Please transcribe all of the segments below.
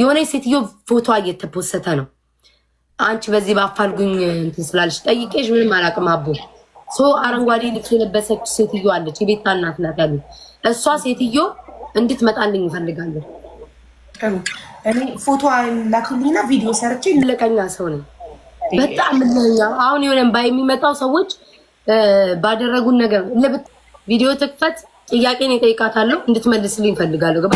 የሆነ ሴትዮ ፎቶ እየተፖሰተ ነው። አንቺ በዚህ በአፋልጉኝ እንትን ስላለች ጠይቄሽ ምንም አላውቅም። አቦ ሶ አረንጓዴ ልብስ የለበሰች ሴትዮ አለች፣ የቤታ እናት ናት ያሉ እሷ ሴትዮ እንድትመጣልኝ እፈልጋለሁ። እኔ ፎቶ ላክልኝና ቪዲዮ ሰርቼ ለቀኛ ሰው ነኝ በጣም ምለኛ። አሁን የሆነ ባ የሚመጣው ሰዎች ባደረጉን ነገር ለብት ቪዲዮ ትክፈት ጥያቄን የጠይቃታለሁ እንድትመልስልኝ እፈልጋለሁ። ገባ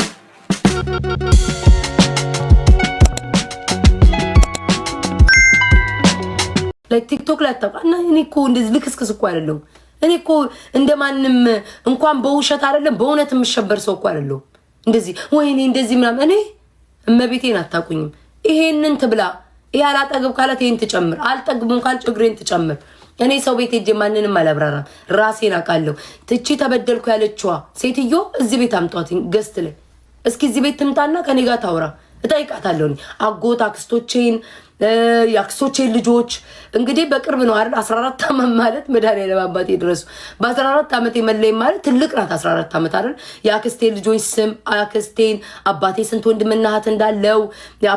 ቲክቶክ ላይ አታውቃ እና እኔ እኮ እንደዚህ ልክስክስ እኮ አይደለሁ። እኔ እኮ እንደማንም እንኳን በውሸት አይደለም በእውነት የምሸበር ሰው እኮ አይደለሁ። እንደዚህ ወይኔ እንደዚህ ምናምን እኔ እመቤቴን አታውቁኝም። ይሄንን ትብላ፣ ይሄ አላጠግብ ካላት ይሄን ትጨምር፣ አልጠግቡም ካል ጭግሬን ትጨምር። እኔ ሰው ቤት ሄጄ ማንንም አላብራራም፣ ራሴን አውቃለሁ። ትቺ ተበደልኩ ያለችዋ ሴትዮ እዚህ ቤት አምጧት፣ ገስት ላይ እስኪ እዚህ ቤት ትምጣና ከኔ ጋር ታውራ፣ እጠይቃታለሁ። አጎት አክስቶቼን የአክሶቼ ልጆች እንግዲህ በቅርብ ነው አይደል? 14 ዓመት ማለት መድኃኒዓለም አባቴ ድረሱ። በ14 ዓመት የመለይ ማለት ትልቅ ናት። 14 ዓመት አይደል? የአክስቴ ልጆች ስም አክስቴን አባቴ ስንት ወንድምና እህት እንዳለው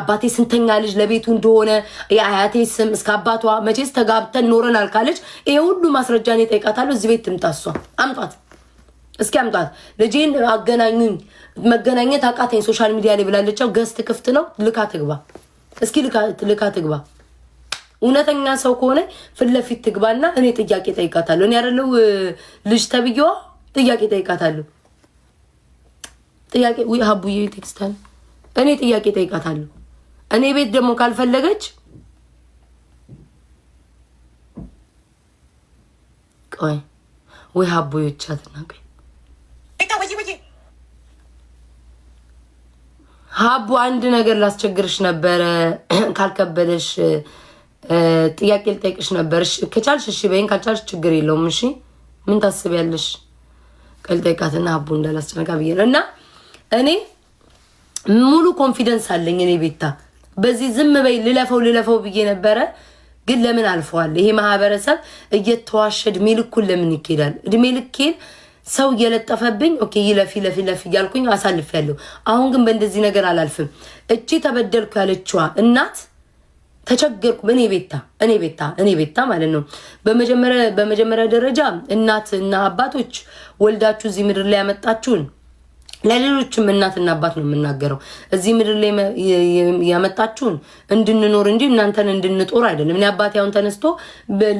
አባቴ ስንተኛ ልጅ ለቤቱ እንደሆነ የአያቴ ስም እስከ አባቷ መቼስ ተጋብተን ኖረናል ካለች ይሄ ሁሉ ማስረጃ እኔ እጠይቃታለሁ። እዚህ ቤት ትምጣ፣ እሷ አምጧት፣ እስኪ አምጣት ልጄን አገናኙኝ፣ መገናኘት አቃተኝ ሶሻል ሚዲያ ላይ ብላለቻው። ገዝት ክፍት ነው፣ ልካ ትግባ። እስኪ ልካ ትግባ። እውነተኛ ሰው ከሆነ ፊት ለፊት ትግባና እኔ ጥያቄ ጠይቃታለሁ። እኔ ያደለው ልጅ ተብዬዋ ጥያቄ ጠይቃታለሁ። ጥያቄ ውይ ሀቡዬ ቴክስታል እኔ ጥያቄ ጠይቃታለሁ። እኔ ቤት ደግሞ ካልፈለገች ቆይ ወይ ሀቡዬ ቻትና ቆይ ሀቡ አንድ ነገር ላስቸግርሽ ነበረ። ካልከበደሽ ጥያቄ ልጠይቅሽ ነበር። ከቻልሽ እሺ በይን፣ ካልቻልሽ ችግር የለውም። እሺ ምን ታስቢያለሽ? ቀልጠይቃትና ሀቡ እንዳላስጨነቃ ብዬ ነው። እና እኔ ሙሉ ኮንፊደንስ አለኝ። እኔ ቤታ በዚህ ዝም በይ ልለፈው ልለፈው ብዬ ነበረ፣ ግን ለምን አልፈዋል። ይሄ ማህበረሰብ እየተዋሸ እድሜ ልኩን ለምን ይኬዳል? እድሜ ልኬን ሰው እየለጠፈብኝ ኦኬ ይለፍ ይለፍ ይለፍ እያልኩኝ አሳልፍ ያለሁ። አሁን ግን በእንደዚህ ነገር አላልፍም። እቺ ተበደልኩ ያለችዋ እናት ተቸገርኩ። እኔ ቤታ እኔ ቤታ እኔ ቤታ ማለት ነው። በመጀመሪያ ደረጃ እናት እና አባቶች ወልዳችሁ እዚህ ምድር ላይ ያመጣችሁን ለሌሎችም እናትና አባት ነው የምናገረው። እዚህ ምድር ላይ ያመጣችሁን እንድንኖር እንጂ እናንተን እንድንጦር አይደለም። እኔ አባቴ አሁን ተነስቶ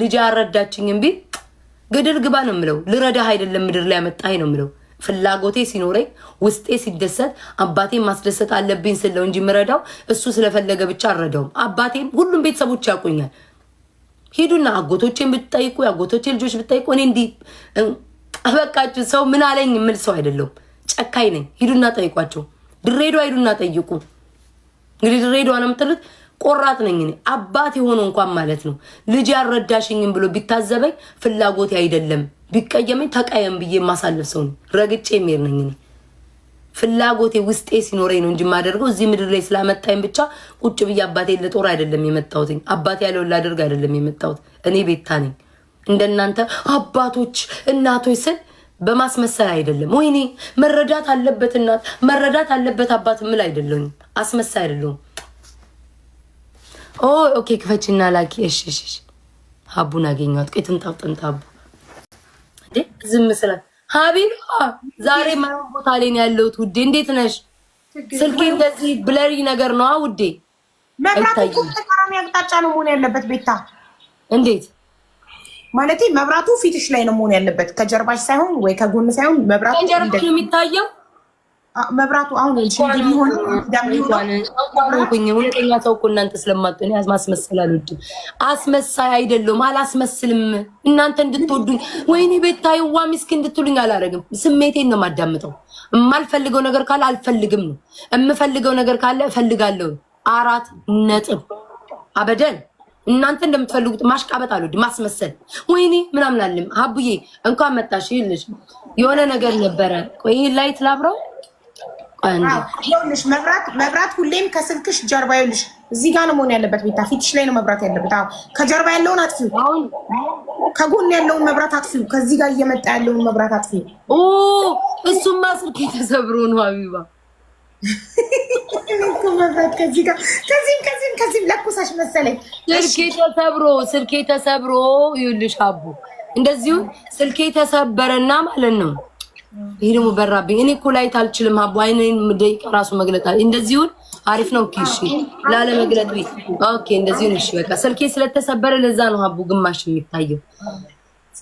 ልጅ አረዳችኝ እምቢ ገደል ግባ ነው የምለው። ልረዳህ አይደለም ምድር ላይ ያመጣህ ነው የምለው። ፍላጎቴ ሲኖረኝ ውስጤ ሲደሰት አባቴን ማስደሰት አለብኝ ስለው እንጂ ምረዳው እሱ ስለፈለገ ብቻ አልረዳውም። አባቴም ሁሉም ቤተሰቦች ያውቁኛል። ሂዱና አጎቶቼን ብትጠይቁ የአጎቶቼ ልጆች ብትጠይቁ እኔ እንዲህ አበቃችሁ ሰው ምን አለኝ የምል ሰው አይደለሁም። ጨካኝ ነኝ። ሂዱና ጠይቋቸው። ድሬዳዋ ሂዱና ጠይቁ። እንግዲህ ድሬዳዋ ነው የምትሉት ቆራጥ ነኝ እኔ። አባት የሆነ እንኳን ማለት ነው ልጅ ያረዳሽኝም ብሎ ቢታዘበኝ ፍላጎቴ አይደለም፣ ቢቀየመኝ ተቀየም ብዬ የማሳልፍ ሰው ነኝ። ረግጬ የሚሄድ ነኝ እኔ። ፍላጎቴ ውስጤ ሲኖረኝ ነው እንጂ የማደርገው እዚህ ምድር ላይ ስላመጣኝ ብቻ ቁጭ ብዬ አባቴ ለጦር አይደለም የመጣሁት። አባቴ ያለውን ላደርግ አይደለም የመጣሁት። እኔ ቤታ ነኝ። እንደናንተ አባቶች እናቶች ስል በማስመሰል አይደለም። ወይኔ መረዳት አለበት እናት መረዳት አለበት አባት ምል አይደለሁም። አስመሳይ አይደለሁም። ኦኬ ክፈችና ላኪ። እሺ እሺ። ሀቡን አገኘኋት። ቆይ ትምጣው ጥንታ ሀቡ እንዴ ዝም ስላት ሀቢብ ዛሬ ማይሆን ቦታ ላይ ነው ያለሁት ውዴ። እንዴት ነሽ? ስልኬ እንደዚህ ብለሪ ነገር ነው ውዴ። መብራቱ ተቃራኒ አቅጣጫ ነው መሆን ያለበት ቤታ። እንዴት ማለት መብራቱ ፊትሽ ላይ ነው መሆን ያለበት፣ ከጀርባሽ ሳይሆን ወይ ከጎን ሳይሆን መብራቱ ከጀርባሽ የሚታየው መብራቱ አሁን እንጂ ሊሆን ዳሚሆንኩኝ እውነተኛ ሰው እኮ እናንተ ስለማጡ እኔ ማስመሰል አልወድም። አስመሳይ አይደለሁም፣ አላስመስልም። እናንተ እንድትወዱኝ ወይኔ ቤታዩዋ ሚስኪ እንድትሉኝ አላደርግም። ስሜቴን ነው የማዳምጠው። የማልፈልገው ነገር ካለ አልፈልግም ነው፣ የምፈልገው ነገር ካለ እፈልጋለሁ። አራት ነጥብ አበደን። እናንተ እንደምትፈልጉት ማሽቃበጥ አልወድም፣ ማስመሰል ወይኔ ምናምን አለም። አቡዬ እንኳን መጣሽ ይልሽ የሆነ ነገር ነበረ። ቆይ ላይት ላብራው ይኸውልሽ መብራት መብራት ሁሌም ከስልክሽ ጀርባ ይኸውልሽ፣ እዚህ ጋር ነው መሆን ያለበት። ቤታ ፊትሽ ላይ ነው መብራት ያለበት። አዎ፣ ከጀርባ ያለውን አጥፊው፣ ከጎን ያለውን መብራት አጥፊው፣ ከዚህ ጋር እየመጣ ያለውን መብራት አጥፊው። ኦ እሱማ ስልክ ተሰብሮ ነው አቢባ። መብራት ከዚህ ጋር ከዚህም ከዚህም ከዚህም ለኩሳሽ መሰለኝ። ስልኬ ተሰብሮ ስልኬ ተሰብሮ ይኸውልሽ አቦ፣ እንደዚሁ ስልኬ ተሰበረና ማለት ነው ይሄ ደግሞ በራብኝ። እኔ እኮ ላይት አልችልም። አቦ አይኔን ደቂቃ ራሱ እንደዚህ እንደዚሁን አሪፍ ነው። ኪሽ ላለ መግለጥ ቢ ኦኬ። እንደዚሁን እሺ፣ በቃ ስልኬ ስለተሰበረ ለዛ ነው አቦ ግማሽ የሚታየው።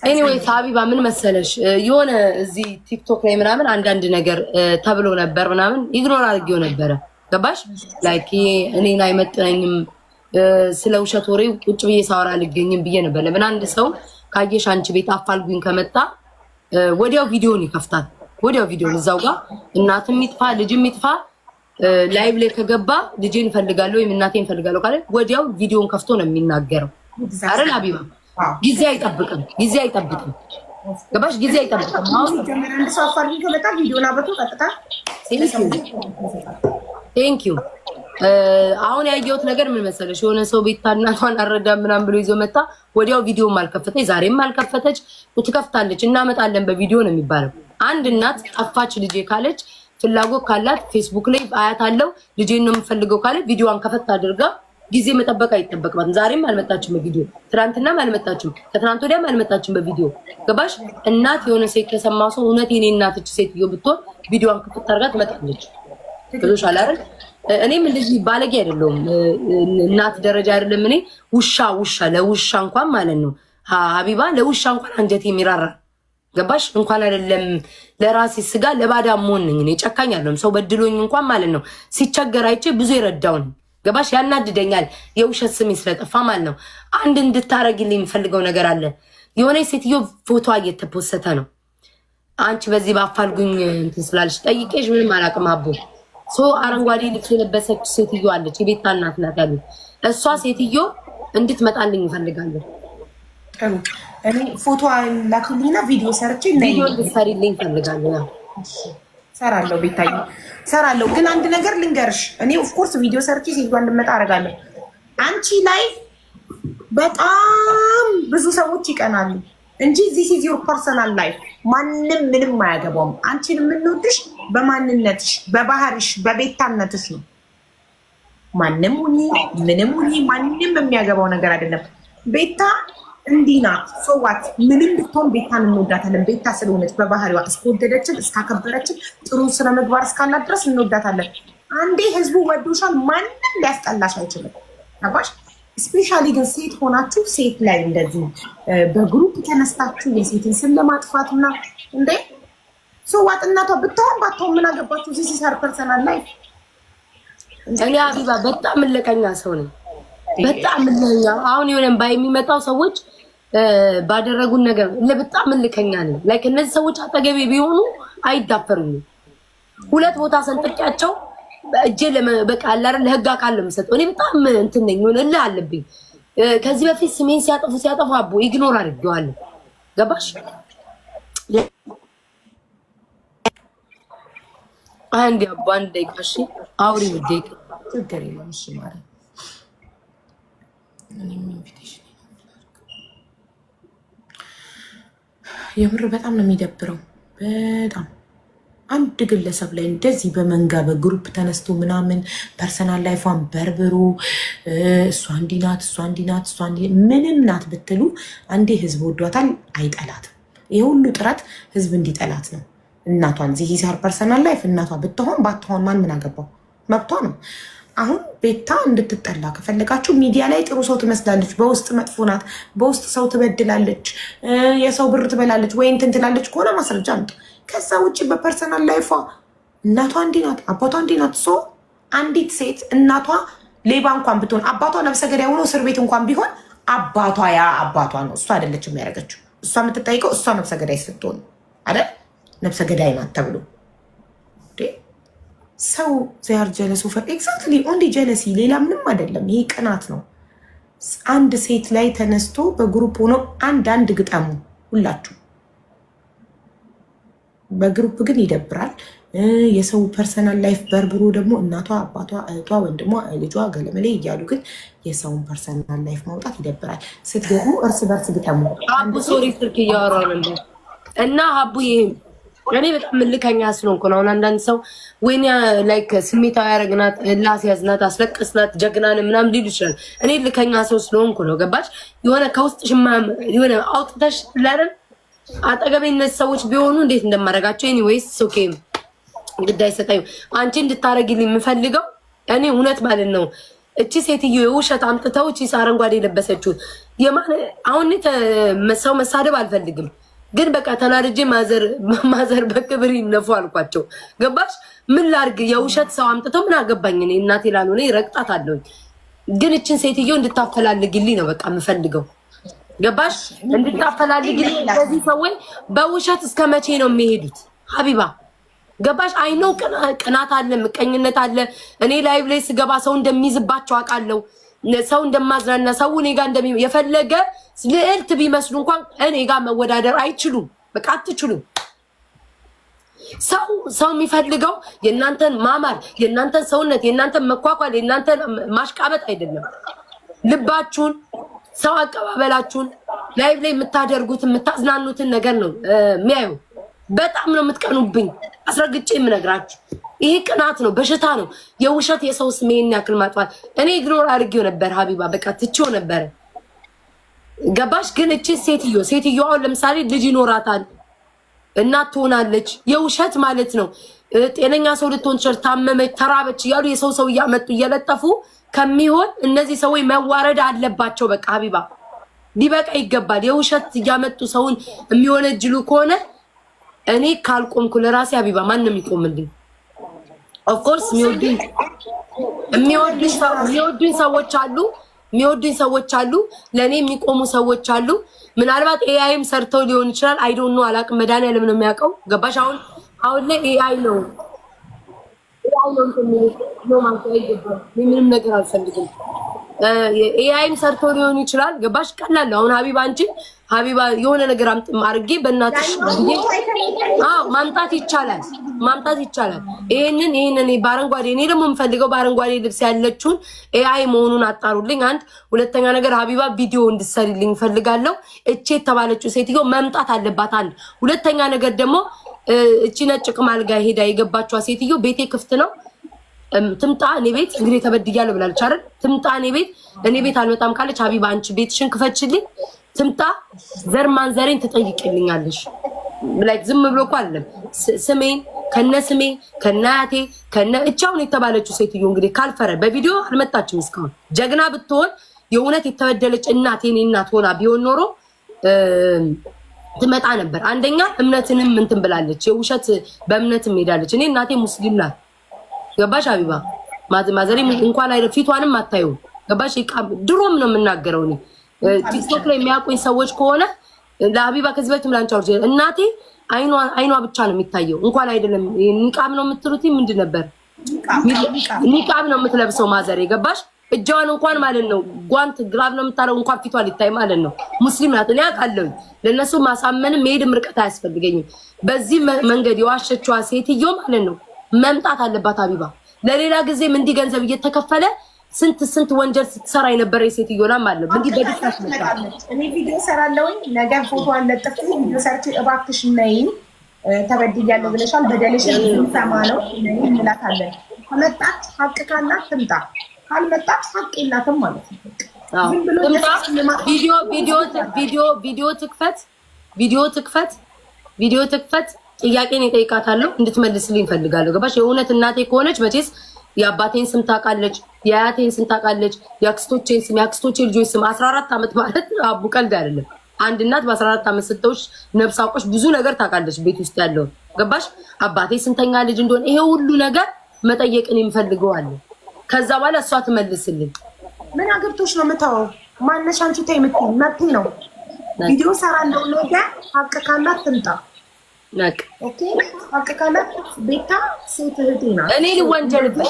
ኤኒዌይ ሀቢባ ምን መሰለሽ፣ የሆነ እዚህ ቲክቶክ ላይ ምናምን አንዳንድ ነገር ተብሎ ነበር ምናምን ይግኖር አድርጌው ነበረ። ገባሽ ላይክ እኔን አይመጥነኝም ስለ ውሸት ወሬ ቁጭ ብዬ ሳወራ አልገኝም ብዬ ነበር። ለምን አንድ ሰው ካየሽ አንቺ ቤት አፋልጉኝ ከመጣ ወዲያው ቪዲዮን ይከፍታል። ወዲያው ቪዲዮ እዛው ጋር እናትም ይጥፋ ልጅም ይጥፋ ላይቭ ላይ ከገባ ልጄን እፈልጋለሁ ወይም እናቴን እፈልጋለሁ ካለ ወዲያው ቪዲዮን ከፍቶ ነው የሚናገረው። አረ ሀቢባ ጊዜ አይጠብቅም፣ ጊዜ አይጠብቅም። ገባሽ? ጊዜ አይጠብቅም። ቴንኪዩ አሁን ያየሁት ነገር ምን መሰለሽ፣ የሆነ ሰው ቤታ እናቷን አረዳ ምናም ብሎ ይዞ መጣ። ወዲያው ቪዲዮ አልከፈተች፣ ዛሬም አልከፈተች። ትከፍታለች፣ እናመጣለን በቪዲዮ ነው የሚባለው። አንድ እናት ጠፋች ልጄ ካለች ፍላጎት ካላት ፌስቡክ ላይ አያት አለው ልጄን ነው የምፈልገው ካለ ቪዲዮዋን ከፈት አድርጋ ጊዜ መጠበቅ አይጠበቅባትም። ዛሬም አልመጣችም በቪዲዮ ትናንትናም አልመጣችም ከትናንት ወዲያም አልመጣችም በቪዲዮ ገባሽ። እናት የሆነ ሴት ከሰማ ሰው እውነት የኔ እናትች ሴትዮ ብትሆን ቪዲዮዋን ክፍት አድርጋ ትመጣለች። እኔም እንደዚህ ባለጌ አይደለሁም፣ እናት ደረጃ አይደለም። እኔ ውሻ ውሻ ለውሻ እንኳን ማለት ነው ሀቢባ ለውሻ እንኳን አንጀት የሚራራ ገባሽ? እንኳን አይደለም ለራሴ ስጋ ለባዳ መሆን ነኝ እኔ። ጨካኝ አይደለም ሰው በድሎኝ እንኳን ማለት ነው ሲቸገር አይቼ ብዙ የረዳውን ገባሽ? ያናድደኛል የውሸት ስም ስለጠፋ ማለት ነው። አንድ እንድታረግልኝ የምፈልገው ነገር አለ። የሆነ ሴትዮ ፎቶ እየተፖሰተ ነው። አንቺ በዚህ ባፋልጉኝ እንትን ስላለሽ ጠይቄሽ ምንም አላቅም አቦ ሶ አረንጓዴ ልብስ የለበሰች ሴትዮ አለች፣ የቤታ እናት ናት ያሉ እሷ ሴትዮ እንድትመጣልኝ እፈልጋለሁ። እኔ ፎቶ ላክልኝና ቪዲዮ ሰርቼ ቪዲዮ እፈልጋለሁ። ሰራለሁ፣ ቤታዬ ሰራለሁ። ግን አንድ ነገር ልንገርሽ፣ እኔ ኦፍኮርስ ቪዲዮ ሰርቼ ሴቷ እንድመጣ አደርጋለሁ። አንቺ ላይ በጣም ብዙ ሰዎች ይቀናሉ። እንጂ ዚስ ኢዝ ዮር ፐርሰናል ላይፍ ማንም ምንም አያገባውም። አንቺን የምንወድሽ በማንነትሽ፣ በባህርሽ በቤታነትሽ ነው። ማንም ሁኒ ምንም ሁኒ ማንም የሚያገባው ነገር አይደለም። ቤታ እንዲና ናት። ሰዋት ምንም ብትሆን ቤታን እንወዳታለን። ቤታ ስለሆነች በባህሪዋ እስከወደደችን እስካከበረችን ጥሩ ስነ ምግባር እስካላት ድረስ እንወዳታለን። አንዴ ህዝቡ ወዶሻል፣ ማንም ሊያስጠላሽ አይችልም። ገባሽ? ስፔሻሊ ግን ሴት ሆናችሁ ሴት ላይ እንደዚህ በግሩፕ ተነስታችሁ የሴትን ስም ለማጥፋት እና እንዴ ሰው ዋጥናቷ ብታሆን ባትሆን ምን አገባችሁ? ዚ ሲሰር ፐርሰናል ላይ እኔ አቢባ በጣም ምለቀኛ ሰው ነኝ። በጣም ምለኛ አሁን የሆነ ባይ የሚመጣው ሰዎች ባደረጉን ነገር ለበጣም ምልከኛ ነኝ። ላይክ እነዚህ ሰዎች አጠገቤ ቢሆኑ አይዳፈሩኝም። ሁለት ቦታ ሰንጥቂያቸው እጄ በቃ አላረ ለህግ አካል ነው እኔ በጣም እንትን ነኝ እልህ አለብኝ። ከዚህ በፊት ስሜን ሲያጠፉ ሲያጠፉ አቦ ኢግኖር አድርጌዋለሁ። ገባሽ? አንድ አቦ አንድ ደቂቃ እሺ፣ አውሪ ደቂቃ ችግር የለም እሺ ማለት የምር በጣም ነው የሚደብረው በጣም አንድ ግለሰብ ላይ እንደዚህ በመንጋ በግሩፕ ተነስቶ ምናምን ፐርሰናል ላይፏን በርብሩ እሷ እንዲናት ናት፣ እሷ እንዲናት እሷ ምንም ናት ብትሉ አንዴ ህዝብ ወዷታል፣ አይጠላትም። ይህ ሁሉ ጥረት ህዝብ እንዲጠላት ነው። እናቷን ዚህ ሂሳር ፐርሰናል ላይፍ እናቷ ብትሆን ባትሆን ማን ምን አገባው? መብቷ ነው። አሁን ቤታ እንድትጠላ ከፈለጋችሁ ሚዲያ ላይ ጥሩ ሰው ትመስላለች፣ በውስጥ መጥፎ ናት፣ በውስጥ ሰው ትበድላለች፣ የሰው ብር ትበላለች ወይ እንትን ትላለች ከሆነ ማስረጃ አምጡ። ከዛ ውጭ በፐርሰናል ላይፏ እናቷ እንዲህ ናት፣ አባቷ እንዲህ ናት። ሶ አንዲት ሴት እናቷ ሌባ እንኳን ብትሆን አባቷ ነብሰ ገዳይ ሆኖ እስር ቤት እንኳን ቢሆን አባቷ ያ አባቷ ነው፣ እሷ አይደለችም ያደረገችው። እሷ የምትጠይቀው እሷ ነብሰ ገዳይ ስትሆን አይደል ነብሰ ገዳይ ናት ተብሎ ሰው ዚያር ጀለስ ኦቨር ኤግዛክትሊ ኦንሊ ጀለሲ፣ ሌላ ምንም አይደለም። ይሄ ቅናት ነው። አንድ ሴት ላይ ተነስቶ በግሩፕ ሆኖ አንድ አንድ ግጠሙ ሁላችሁ በግሩፕ ግን ይደብራል። የሰው ፐርሰናል ላይፍ በርብሮ ደግሞ እናቷ፣ አባቷ፣ እህቷ፣ ወንድሟ፣ ልጇ ገለመሌ እያሉ ግን የሰውን ፐርሰናል ላይፍ ማውጣት ይደብራል። ስትገቡ እርስ በርስ ግተሙ። አቡ ሶሪ ስልክ እያወራ ነበር እና አቡ ይህም እኔ በጣም እልከኛ ስለሆንኩ ነው። አሁን አንዳንድ ሰው ወይኔ ላይክ ስሜታዊ ያረግናት ያዝናት አስለቀስናት፣ ጀግናን ምናምን ሊሉ ይችላል። እኔ ልከኛ ሰው ስለሆንኩ ነው። ገባች የሆነ ከውስጥ ሽማ የሆነ አውጥተሽ ላረን አጠገቤ እነዚህ ሰዎች ቢሆኑ እንዴት እንደማደርጋቸው ኤኒዌይስ ሶኬ ግድ አይሰጠኝም። አንቺ እንድታረጊልኝ የምፈልገው እኔ እውነት ማለት ነው እቺ ሴትዮ የውሸት አምጥተው እቺ አረንጓዴ የማን አሁን ሰው መሳደብ አልፈልግም፣ ግን በቃ ተናድጄ ማዘር ማዘር በክብር ይነፉ አልኳቸው። ገባሽ? ምን ላርግ? የውሸት ሰው አምጥተው ምን አገባኝ እኔ እናቴ ላልሆነ ይረግጣት አለሁኝ። ግን እችን ሴትዮ እንድታፈላልግልኝ ነው በቃ የምፈልገው። ገባሽ? እንድታፈላልግ እነዚህ ሰዎች በውሸት እስከ መቼ ነው የሚሄዱት? ሀቢባ ገባሽ? አይኖ ቅናት አለ፣ ምቀኝነት አለ። እኔ ላይቭ ላይ ስገባ ሰው እንደሚይዝባቸው አውቃለሁ። ሰው እንደማዝናና ሰው እኔ ጋር እንደሚ የፈለገ ልዕልት ቢመስሉ እንኳን እኔ ጋር መወዳደር አይችሉም። በቃ አትችሉም። ሰው ሰው የሚፈልገው የእናንተን ማማር፣ የእናንተን ሰውነት፣ የእናንተን መኳኳል፣ የእናንተን ማሽቃበጥ አይደለም። ልባችሁን ሰው አቀባበላችሁን ላይቭ ላይ የምታደርጉት የምታዝናኑትን ነገር ነው የሚያዩ። በጣም ነው የምትቀኑብኝ፣ አስረግጬ የምነግራችሁ። ይሄ ቅናት ነው፣ በሽታ ነው። የውሸት የሰው ስም ይሄን ያክል ማጥፋት እኔ ኢግኖር አድርጌው ነበር። ሀቢባ በቃ ትቼው ነበረ። ገባሽ? ግን እች ሴትዮ ሴትዮ አሁን ለምሳሌ ልጅ ይኖራታል፣ እናት ትሆናለች። የውሸት ማለት ነው። ጤነኛ ሰው ልትሆን ችል፣ ታመመች፣ ተራበች እያሉ የሰው ሰው እያመጡ እየለጠፉ ከሚሆን እነዚህ ሰዎች መዋረድ አለባቸው። በቃ ሀቢባ ሊበቃ ይገባል። የውሸት እያመጡ ሰውን የሚወነጅሉ ከሆነ እኔ ካልቆምኩ ለራሴ ሀቢባ ማንም ይቆምልኝ። ኦፍኮርስ የሚወዱኝ ሰዎች አሉ፣ የሚወዱኝ ሰዎች አሉ፣ ለእኔ የሚቆሙ ሰዎች አሉ። ምናልባት ኤአይም ሰርተው ሊሆን ይችላል። አይዶኖ አላቅም። መድኃኒዓለም ነው የሚያውቀው። ገባሽ? አሁን አሁን ላይ ኤአይ ነው ምንም ነገር አልፈልግም። ኤአይም ሰርቶ ሊሆን ይችላል። ገባሽ? ቀላል አሁን ሀቢባ አንቺ ሀቢባ የሆነ ነገር አድርጌ በእናትሽ ማምጣት ይቻላል፣ ማምጣት ይቻላል። ይህንን ይህንን በአረንጓዴ እኔ ደግሞ የምፈልገው በአረንጓዴ ልብስ ያለችውን ኤአይ መሆኑን አጣሩልኝ። አንድ ሁለተኛ ነገር ሀቢባ ቪዲዮ እንድሰሪልኝ እፈልጋለሁ። እቼ የተባለችው ሴትዮ መምጣት አለባት። አንድ ሁለተኛ ነገር ደግሞ እቺ ነጭ ቅማል ጋር ሄዳ የገባችዋ ሴትዮ ቤቴ ክፍት ነው ትምጣ እኔ ቤት እንግዲህ ተበድያለሁ ብላለች አይደል? ትምጣ እኔ ቤት እኔ ቤት አልመጣም ካለች ሀቢባ አንቺ ቤትሽን ክፈችልኝ፣ ትምጣ ዘር ማንዘሬን ትጠይቅልኛለሽ። ላይክ ዝም ብሎ እኮ አለም ስሜን ከነ ስሜ ከነ አያቴ ከነ እቻውን የተባለችው ሴትዮ እንግዲህ ካልፈረ በቪዲዮ አልመጣችም እስካሁን። ጀግና ብትሆን የእውነት የተበደለች እናት የኔ እናት ሆና ቢሆን ኖሮ ትመጣ ነበር። አንደኛ እምነትንም እንትን ብላለች፣ የውሸት በእምነት ሄዳለች። እኔ እናቴ ሙስሊም ናት። ገባሽ አቢባ ማዘሪ እንኳን አይደ ፊቷንም አታዩ። ገባሽ ድሮም ነው የምናገረው። እኔ ቲክቶክ ላይ የሚያውቁኝ ሰዎች ከሆነ ለአቢባ ከዚህ በፊት ምላንጫዎች እናቴ አይኗ ብቻ ነው የሚታየው። እንኳን አይደለም ኒቃብ ነው የምትሉት ምንድን ነበር ኒቃብ ነው የምትለብሰው ማዘሬ ገባሽ እጃዋን እንኳን ማለት ነው ጓንት ግራብ ነው የምታደረው፣ እንኳን ፊቷ ሊታይ ማለት ነው። ሙስሊም ናት፣ እኔ አውቃለሁ። ለእነሱ ማሳመንም መሄድም ርቀት አያስፈልገኝም። በዚህ መንገድ የዋሸችዋ ሴትዮ ማለት ነው መምጣት አለባት አቢባ። ለሌላ ጊዜም እንዲህ ገንዘብ እየተከፈለ ስንት ስንት ወንጀል ስትሰራ የነበረ የሴትዮና ማለት ነው። እንዲህ በዲስታሽ እኔ ቪዲዮ ሰራለውኝ፣ ነገ ፎቶ አለጠፍ፣ ቪዲዮ ሰርች፣ እባክሽ ነይ ተበድያለሁ ብለሻል፣ በደልሽን ሰማ ነው እንላታለን። ከመጣች ሀቅ ካላት ትምጣ ካልመጣች ሀቅ የላትም ማለት ነው። ቪዲዮ ትክፈት፣ ቪዲዮ ትክፈት፣ ቪዲዮ ትክፈት። ጥያቄን የጠይቃታለሁ እንድትመልስልኝ እፈልጋለሁ። ገባሽ? የእውነት እናቴ ከሆነች መቼስ የአባቴን ስም ታውቃለች፣ የአያቴን ስም ታውቃለች፣ የአክስቶቼን ስም፣ የአክስቶቼ ልጆች ስም። አስራ አራት ዓመት ማለት አቡ ቀልድ አይደለም። አንድ እናት በአስራ አራት ዓመት ስተውሽ ነብስ አውቆሽ ብዙ ነገር ታውቃለች፣ ቤት ውስጥ ያለውን ገባሽ? አባቴ ስንተኛ ልጅ እንደሆነ ይሄ ሁሉ ነገር መጠየቅን የምፈልገዋለሁ ከዛ በኋላ እሷ ትመልስልኝ። ምን አገብቶች ነው የምታወው? ማነሽ አንቺ ተይ የምትይኝ መብቴ ነው። ቪዲዮ ሰራለሁ ነገ። ሀቅ ካላት ትምጣ። ሀቅ ካላት ቤታ ሴት እህቴ ናት። እኔ ልወንጀልበት፣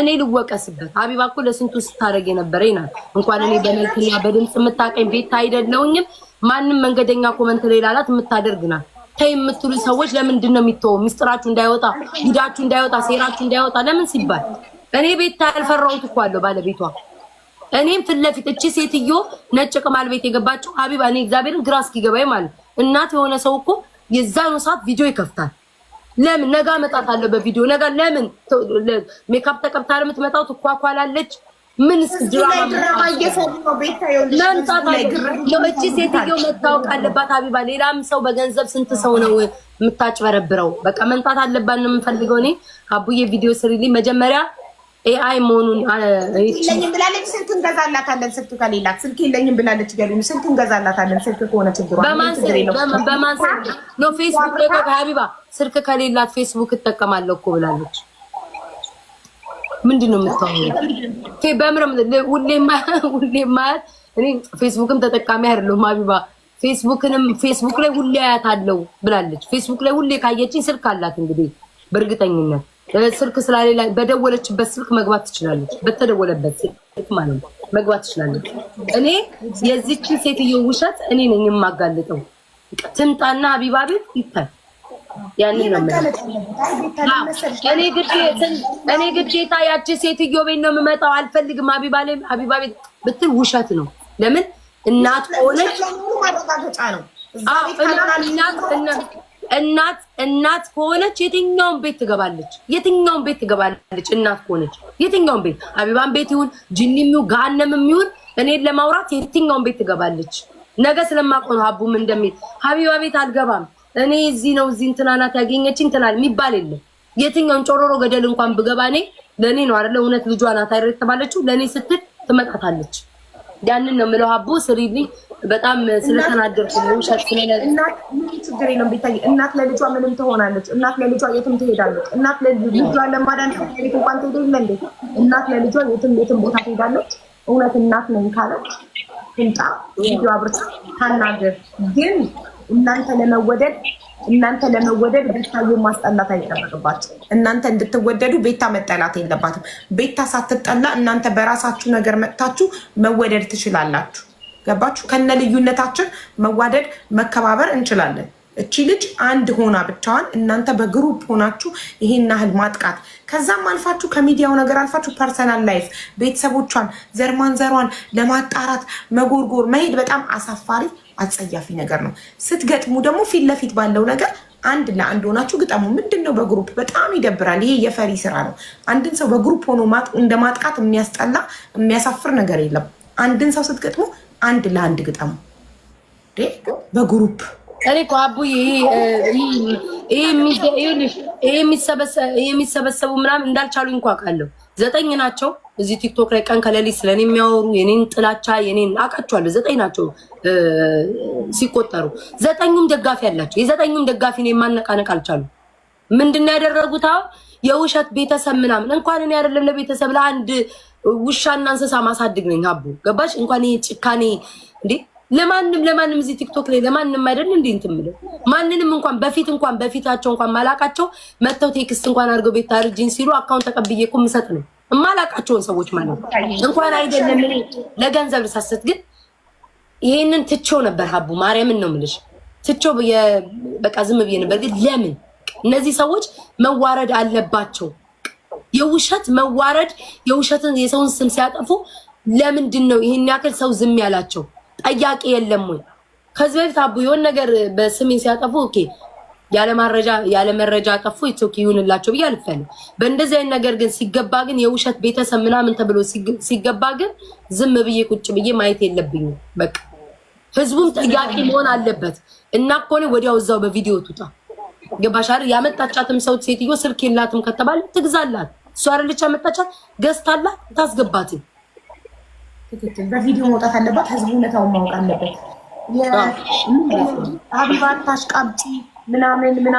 እኔ ልወቀስበት። ሀቢባ እኮ ለስንቱ ስታደርግ የነበረኝ ናት። እንኳን እኔ በመልክና በድምፅ የምታቀኝ ቤት አይደለውኝም። ማንም መንገደኛ ኮመንት ላይ የምታደርግ ናት። ተይ የምትሉ ሰዎች ለምንድን ነው የሚተው? ሚስጥራችሁ እንዳይወጣ፣ ጉዳችሁ እንዳይወጣ፣ ሴራችሁ እንዳይወጣ ለምን ሲባል እኔ ቤት ታልፈራውት እኮ አለው ባለቤቷ። እኔም ፊት ለፊት እቺ ሴትዮ ነጭ ቅማል ቤት የገባችው ሀቢባ፣ እኔ እግዚአብሔርን ግራ እስኪገባኝ ማለት እናት የሆነ ሰው እኮ የዛኑ ሰዓት ቪዲዮ ይከፍታል። ለምን ነጋ መጣት አለው በቪዲዮ ነጋ። ለምን ሜካፕ ተቀብታ ለምትመጣው ትኳኳላለች ምን ድራማ ሴትዮ መታወቅ አለባት። አቢባ ሌላም ሰው በገንዘብ ስንት ሰው ነው የምታጭበረብረው? በቃ መምጣት አለባት ነው እኔ አቡዬ ቪዲዮ ስሪልኝ መጀመሪያ ኤአይ መሆኑን የለኝም ብላለች። ስልክ እንገዛላታለን። ስልክ ከሌላት ስልክ የለኝም ብላለች። ገ ስልክ እንገዛላታለን። ስልክ ከሆነ ችግሯ በማን ፌስቡክ ሀቢባ ስልክ ከሌላት ፌስቡክ እጠቀማለሁ እኮ ብላለች። ምንድን ነው የምታወሪው? በምረም ሁሌም ማያት እኔ ፌስቡክም ተጠቃሚ አይደለሁም። አቢባ ፌስቡክንም ፌስቡክ ላይ ሁሌ አያት አለው ብላለች። ፌስቡክ ላይ ሁሌ ካየችኝ ስልክ አላት እንግዲህ በእርግጠኝነት ስልክ ስለሌላ በደወለችበት ስልክ መግባት ትችላለች። በተደወለበት ስልክ ማለት ነው መግባት ትችላለች። እኔ የዚችን ሴትዮ ውሸት እኔ ነኝ የማጋልጠው። ትምጣና አቢባ ቤት ይታይ ያንን እኔ ግዴታ ያቺ ሴትዮ ቤት ነው የምመጣው። አልፈልግም አቢባ ላይ አቢባ ቤት ብትል ውሸት ነው። ለምን እናት ሆነች እናት እናት ከሆነች የትኛውን ቤት ትገባለች? የትኛውን ቤት ትገባለች? እናት ከሆነች የትኛውን ቤት አቢባን ቤት ይሁን ጅኒም ይሁን ገሃነምም ይሁን እኔን ለማውራት የትኛውን ቤት ትገባለች? ነገ ስለማቆ ነው ሀቡም እንደሚል ሀቢባ ቤት አልገባም እኔ እዚህ ነው እዚህ እንትናናት ያገኘች እንትናል የሚባል የለም። የትኛውን ጮሮሮ ገደል እንኳን ብገባ እኔ ለእኔ ነው አይደለ? እውነት ልጇ ናት አይደል የተባለችው ለእኔ ስትል ትመጣታለች። ያንን ነው የምለው። ሀቦ ስሪልኝ በጣም ስለተናደርኩ ውሸት ስለእናት ችግር የለም ቢታይ እናት ለልጇ ምንም ትሆናለች። እናት ለልጇ የትም ትሄዳለች። እናት ልጇ ለማዳን ቤት እንኳን ትሄደ የለ እንዴ! እናት ለልጇ የትም የትም ቦታ ትሄዳለች። እውነት እናት ነኝ ካለች ትምጣ፣ ልጇ ብርታ ታናገር ግን እናንተ ለመወደድ እናንተ ለመወደድ ቤታዬ ማስጠላት አይጠበቅባት እናንተ እንድትወደዱ ቤታ መጠላት የለባትም። ቤታ ሳትጠላ እናንተ በራሳችሁ ነገር መጥታችሁ መወደድ ትችላላችሁ። ገባችሁ? ከነ ልዩነታችን መዋደድ መከባበር እንችላለን። እቺ ልጅ አንድ ሆና ብቻዋን እናንተ በግሩፕ ሆናችሁ ይሄን ያህል ማጥቃት፣ ከዛም አልፋችሁ ከሚዲያው ነገር አልፋችሁ ፐርሰናል ላይፍ ቤተሰቦቿን ዘርማን ዘሯን ለማጣራት መጎርጎር መሄድ በጣም አሳፋሪ አጸያፊ ነገር ነው። ስትገጥሙ ደግሞ ፊት ለፊት ባለው ነገር አንድ ለአንድ ሆናችሁ ግጠሙ። ምንድን ነው በግሩፕ በጣም ይደብራል። ይሄ የፈሪ ስራ ነው። አንድን ሰው በግሩፕ ሆኖ እንደ ማጥቃት የሚያስጠላ የሚያሳፍር ነገር የለም። አንድን ሰው ስትገጥሙ አንድ ለአንድ ግጠሙ በግሩፕ እኔ እኮ አቡዬ ይሄ የሚሰበሰቡ ምናምን እንዳልቻሉ እንኳ አውቃለሁ ዘጠኝ ናቸው። እዚህ ቲክቶክ ላይ ቀን ከሌሊት ስለኔ የሚያወሩ የኔን ጥላቻ የኔን አውቃቸዋለሁ። ዘጠኝ ናቸው ሲቆጠሩ። ዘጠኙም ደጋፊ አላቸው። የዘጠኙም ደጋፊ ነው የማነቃነቅ አልቻሉ። ምንድን ነው ያደረጉት? አሁን የውሸት ቤተሰብ ምናምን እንኳን እኔ አይደለም ለቤተሰብ ለአንድ ውሻና እንስሳ ማሳድግ ነኝ። አቦ ገባሽ? እንኳን ጭካኔ እንዴ ለማንም ለማንም እዚህ ቲክቶክ ላይ ለማንም አይደል እንዴ እንትን የምለው ማንንም እንኳን በፊት እንኳን በፊታቸው እንኳን ማላቃቸው መተው ቴክስት እንኳን አድርገው ቤት ታርጅን ሲሉ አካውንት ተቀብዬ እኮ የምሰጥ ነው የማላቃቸውን ሰዎች ማለት እንኳን አይደለም እኔ ለገንዘብ ልሳሰት ግን ይሄንን ትቼው ነበር። ሀቡ ማርያምን ነው የምልሽ ትቼው በቃ ዝም ብዬ ነበር። ግን ለምን እነዚህ ሰዎች መዋረድ አለባቸው? የውሸት መዋረድ የውሸትን የሰውን ስም ሲያጠፉ ለምንድን ነው ይሄን ያክል ሰው ዝም ያላቸው? ጠያቂ የለም ወይ? ከዚህ በፊት አቡ የሆን ነገር በስሜን ሲያጠፉ ኦኬ ያለማረጃ ያለመረጃ ጠፉ ኢትዮክ ይሁንላቸው ብዬ አልፈለም። በእንደዚህ አይነት ነገር ግን ሲገባ ግን የውሸት ቤተሰብ ምናምን ተብሎ ሲገባ ግን ዝም ብዬ ቁጭ ብዬ ማየት የለብኝ። በቃ ህዝቡም ጠያቂ መሆን አለበት እና ኮኔ ወዲያው እዛው በቪዲዮ ትውጣ። ገባሻር አይደል? ያመጣቻትም ሰው ሴትዮ ስልክ የላትም ከተባለ ትግዛላት። እሷ አይደለች ያመጣቻት ገዝታላት ታስገባትኝ ትክክል። በቪዲዮ መውጣት አለባት። ህዝቡ እውነታውን ማወቅ አለበት። ሀቢባ ታሽቃብጪ ምናምን ምናምን